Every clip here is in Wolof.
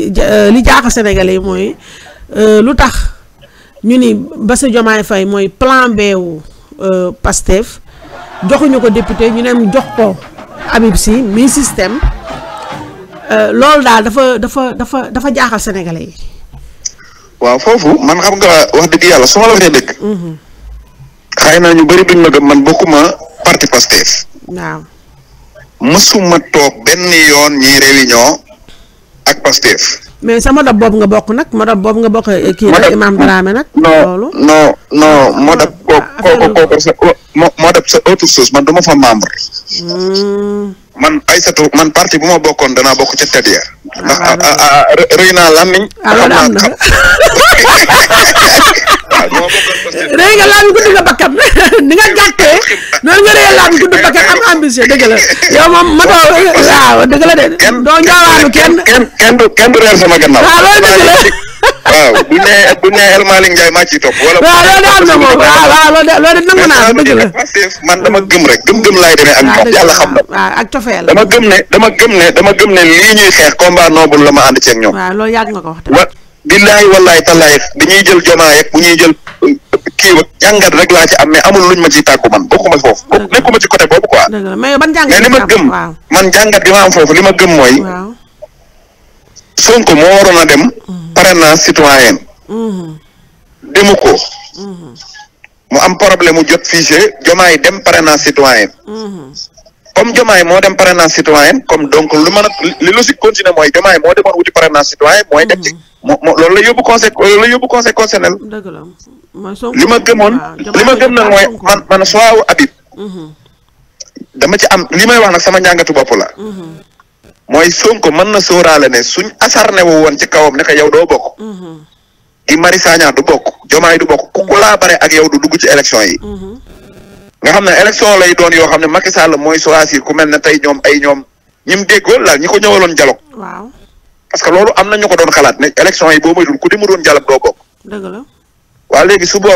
Euh, li jaaxal sénégalais yi mooy euh, lu tax ñu ni Bassirou Diomaye Faye mooy plan B wu euh, Pastef joxuñu ko député ñu ne jox ko Habib Sy mi système loolu daal dafa dafa dafa dafa jaaxal sénégalais yi. waaw foofu man xam nga wax dëgg yàlla su ma la waxee dëgg. Mhm. xëy na ñu bëri duñ ma gëm man bokkuma parti Pastef. waaw mësuma toog benn yoon ñii réunion. ak pastef mais sa modab bob nga bok nak modab bob nga bok eh, ki imam dramé nak lolu non non ah, modab ah, ko ah, ko ko sa modab sa autre chose man duma fa membre hmm. man aysatu man parti buma bokkon dana bok ci tedia ndax reina lamiñ reina lamiñ ko dinga bakkam ni nga noonu nga dee laaj gudd bakkan am ambition dëgg la yow moom ma taw waaw dëgg la de doo njaawaanu kenn kenn du reer sama gannaaw waaw loolu de am na moom waaw waaw loolu de loolu de nangu naa dëgg la man dama gëm rek gëm-gëm laay demee ak ñoom yàlla xam na. waaw ak cofeel dama gëm ne dama gëm ne dama gëm ne lii ñuy xeex combat noble la ma ànd ceeg ñoom. waaw loolu yàgg nga ko wax. wa billahi wallahi tallahi dañuy jël jomaa yeeg bu ñuy jël kii ba jàngat rek laa ci am mais amul luñ ma ciy tàggu man bokkuma foofu. dëgg la nekkuma ci côté boobu quoi. dëgg la mais ban jàngat li ma gëm man jàngat gi ma am foofu li ma gëm mooy. waaw Sonko moo waroon a dem. Mm-hmm. parrainage citoyen. Mm-hmm. demu ko. Mm-hmm. mu am problème mu jot fichier jomaay dem parrainage citoyen. comme jomay mo dem parrainage citoyen comme donc lu mën li lu ci continuer moy jomay mo demone wuti parrainage citoyen moy dem ci hmm. moo loolu la yobou conseil loolu la yóbbu conseil constitutionnel li ma gëmoon li ma gem nak moy man man soit Habib hmm. dama ci am li may wax nak sama njàngatu bop la moy hmm. Sonko man na sóoraale ne suñ asarne wo won ci kawam ne ka yow do bok di Mari Sagna du bokk Diomaye du bok ku ko bare ak yow du dugg ci election yi nga xam ne élection lay doon yoo xam ne Macky Sall mooy choisir ku mel ne tey ñoom ay ñoom ñi déggoon la ñi ko ñëwaloon dialogue. waaw parce loolu am na ñu ko doon xalaat ne élection yi boo moytul ku di mu doon dialogue doo bokk. dëgg la. waa léegi bu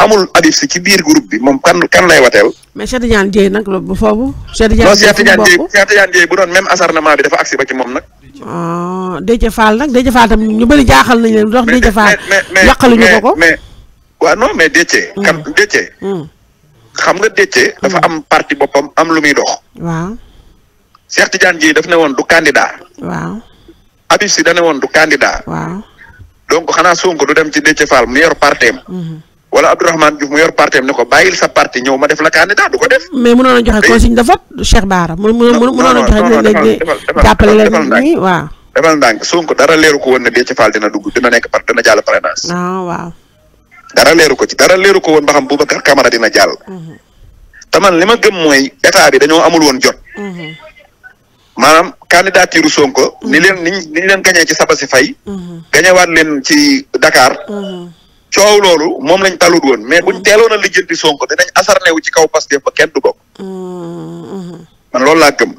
amul Habib ci biir bi moom kan kan lay wateel. mais Cheikh Tidiane Dièye nag loolu bu foofu. Cheikh Tidiane Dièye Cheikh Tidiane Dièye bu doon même acharnement bi dafa agsi ba ci moom nag. Oh, Déthié Fall nag Déthié Fall tam ñu bëri jaaxal nañ leen. dox Déthié Fall yàqaluñu ko ko mais mais mais mais Déthié. Hmm. kan Déthié. Hmm. xam nga Déthié dafa hmm. am parti boppam am lu muy dox. waaw Cheikh Tidiane Dièye daf ne woon du candidat. waaw Habib Sy da ne woon du candidat. waaw donc xanaa Sonko du dem ci Déthié Fall mu yor parteem. Hmm. wala Abdourahmane Diouf mu yor parteem ne ko bàyyil sa parti ñëw ma def la candidat du ko def. mais mënoon a joxe consigne de vote Cheikh Bara mu mënoon a joxe léegi jàppale leen nii waaw. defal ndànk Sonko dara leeru ko woon ne Déthié Fall dina dugg dina nekk par dina jàll parrainage. Ah, waaw waaw. dara leeru ko ci dara leeru ko woon ba xam Boubacar Camara dina jàll. te man li ma gëm mooy état bi dañoo amul woon jot. maanaam candidature Sonko. ni leen ni ñu leen gañee ci Sabassi Faye. gañewaat leen ci Dakar. coow loolu moom lañ talut woon mais buñ teeloon a lijjanti Sonko dinañ asarne wu ci kaw Pastef ba kenn du bokk. man loolu laa gëm.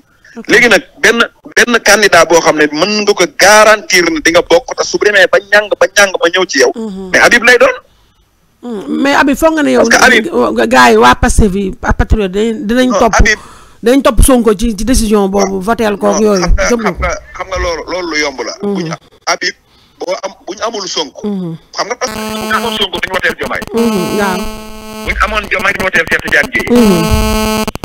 léegi nag benn benn candidat boo xam ne mën nga ko garantir ne di nga bokk te su demee ba ñàng ba ñàng ma ñëw ci yow. Mhm. mais Habib lay doon. Hmm, mais Habib foog nga ne yow. gars yi waa Pastef yi patriote dinañ topp. dinañ topp Sonko ci ci décision boobu voteel koog yooyu. xam nga xam nga loolu loolu lu yomb la. Hmm. bu ñu Habib boo am bu ñu amul Sonko. Hmm. xam nga parce que bu ñu amoon Sonko duñu woteel Jomaay. waaw bu ñu amoon Jomaay duñu woteel Cheikh Tidiane Dièye.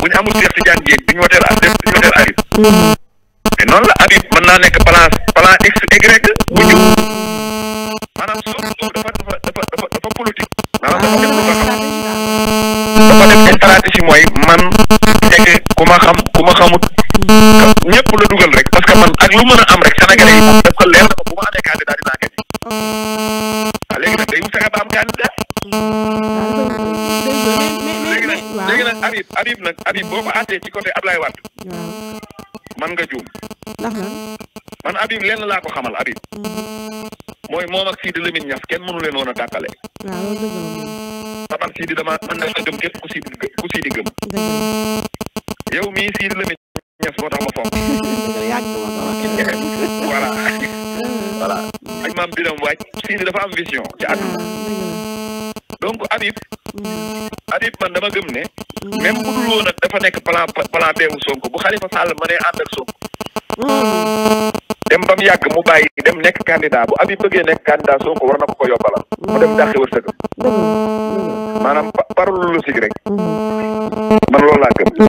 bu ñu amul Cheikh Tidiane Dièye duñu woteel Abdel duñu woteel Habib. mais noonu la Habib mën naa nekk plan plan X Y bu ñu maanaam Sonko. tradisi moy man nek kuma xam kuma xamut ñepp la duggal rek parce que man ak lu mëna am rek sénégalais yi daf ko leer na bu ma amé candidat dina gagné ah, légui nak day wutaxé ba am candidat légui nak légui nak habib habib nak habib boko atté ci côté ablay wat man nga joom man habib lenn la ko xamal habib moy mom ak sidi lamine ñaf kenn mënu leen wona takkalé man di dama ànd ak gëm képp kusi si ku di gëm yow mi Sidi la ya, mi ñes moo tax ma fonk voilà voilà ak maam biram waaj Sidi dafa am vision ci àdduna donc Habib Habib man dama gëm ne même bu dul woon dafa nekk plan plan Sonko bu Khalifa Sall ak Sonko dem bam yàgg mu dem nekk candidat bu Abi bëggee nekk candidat Sonko war na ko ko mu dem dàqi wërsëgam maanaam parole logique rek man loolu laa gëm.